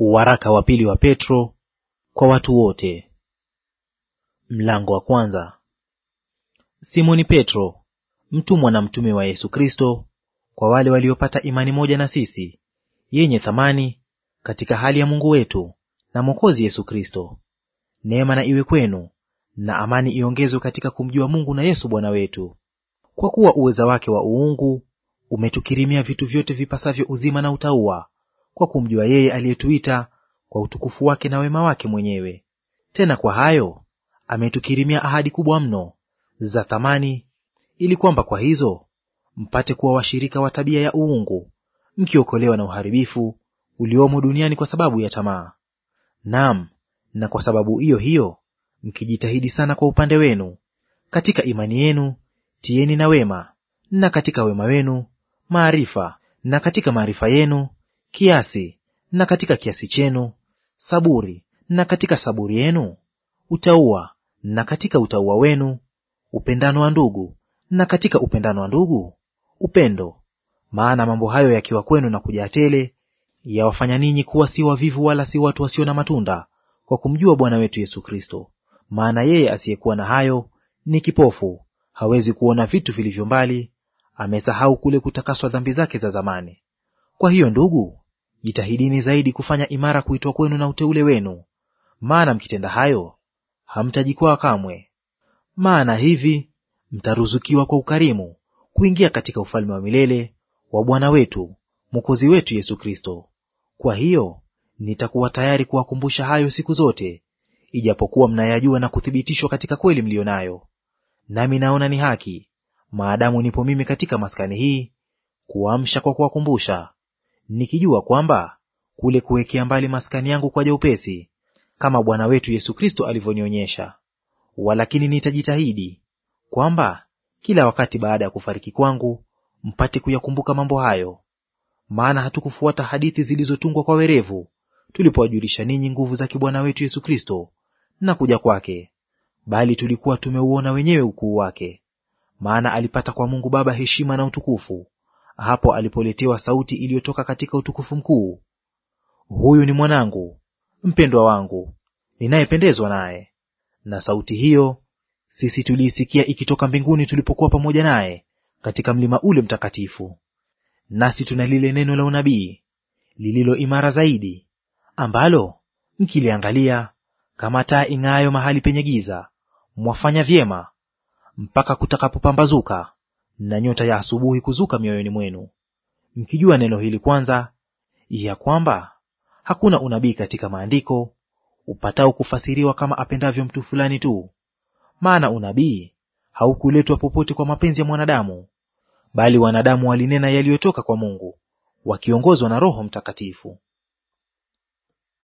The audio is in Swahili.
Waraka wa pili wa Petro kwa watu wote. Mlango wa kwanza. Simoni Petro, mtumwa na mtume wa Yesu Kristo, kwa wale waliopata imani moja na sisi, yenye thamani katika hali ya Mungu wetu na Mwokozi Yesu Kristo. Neema na iwe kwenu na amani iongezwe katika kumjua Mungu na Yesu Bwana wetu. Kwa kuwa uweza wake wa uungu umetukirimia vitu vyote vipasavyo uzima na utaua kwa kumjua yeye aliyetuita kwa utukufu wake na wema wake mwenyewe. Tena kwa hayo ametukirimia ahadi kubwa mno za thamani, ili kwamba kwa hizo mpate kuwa washirika wa tabia ya uungu, mkiokolewa na uharibifu uliomo duniani kwa sababu ya tamaa. Naam, na kwa sababu hiyo hiyo mkijitahidi sana kwa upande wenu, katika imani yenu tieni na wema, na katika wema wenu maarifa, na katika maarifa yenu kiasi, na katika kiasi chenu saburi, na katika saburi yenu utaua na katika utaua wenu upendano wa ndugu, na katika upendano wa ndugu upendo. Maana mambo hayo yakiwa kwenu na kuja tele, yawafanya ninyi kuwa si wavivu wala si watu wasio na matunda kwa kumjua Bwana wetu Yesu Kristo. Maana yeye asiyekuwa na hayo ni kipofu, hawezi kuona vitu vilivyo mbali, amesahau kule kutakaswa dhambi zake za zamani. Kwa hiyo ndugu, jitahidini zaidi kufanya imara kuitwa kwenu na uteule wenu, maana mkitenda hayo hamtajikwaa kamwe. Maana hivi mtaruzukiwa kwa ukarimu kuingia katika ufalme wa milele wa Bwana wetu Mwokozi wetu Yesu Kristo. Kwa hiyo nitakuwa tayari kuwakumbusha hayo siku zote, ijapokuwa mnayajua na kuthibitishwa katika kweli mliyo nayo. Nami naona ni haki, maadamu nipo mimi katika maskani hii, kuamsha kwa kuwakumbusha nikijua kwamba kule kuwekea mbali maskani yangu kwaja upesi, kama Bwana wetu Yesu Kristo alivyonionyesha. Walakini nitajitahidi kwamba kila wakati baada ya kufariki kwangu mpate kuyakumbuka mambo hayo. Maana hatukufuata hadithi zilizotungwa kwa werevu, tulipowajulisha ninyi nguvu za kibwana wetu Yesu Kristo na kuja kwake, bali tulikuwa tumeuona wenyewe ukuu wake. Maana alipata kwa Mungu Baba heshima na utukufu, hapo alipoletewa sauti iliyotoka katika utukufu mkuu, huyu ni mwanangu mpendwa wangu ninayependezwa naye. Na sauti hiyo sisi tuliisikia ikitoka mbinguni tulipokuwa pamoja naye katika mlima ule mtakatifu. Nasi tuna lile neno la unabii lililo imara zaidi, ambalo mkiliangalia kama taa ing'aayo mahali penye giza, mwafanya vyema mpaka kutakapopambazuka na nyota ya asubuhi kuzuka mioyoni mwenu, mkijua neno hili kwanza, ya kwamba hakuna unabii katika maandiko upatao kufasiriwa kama apendavyo mtu fulani tu. Maana unabii haukuletwa popote kwa mapenzi ya mwanadamu, bali wanadamu walinena yaliyotoka kwa Mungu, wakiongozwa na Roho Mtakatifu.